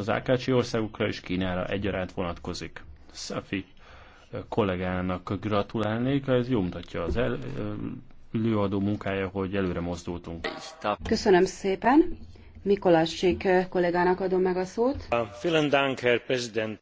az Ákácsi országokra és Kínára egyaránt vonatkozik. Szafi kollégának gratulálnék, ez jó mutatja az el, előadó munkája, hogy előre mozdultunk. Köszönöm szépen. Mikolássék kollégának adom meg a szót. Vielen Dank, Herr Präsident.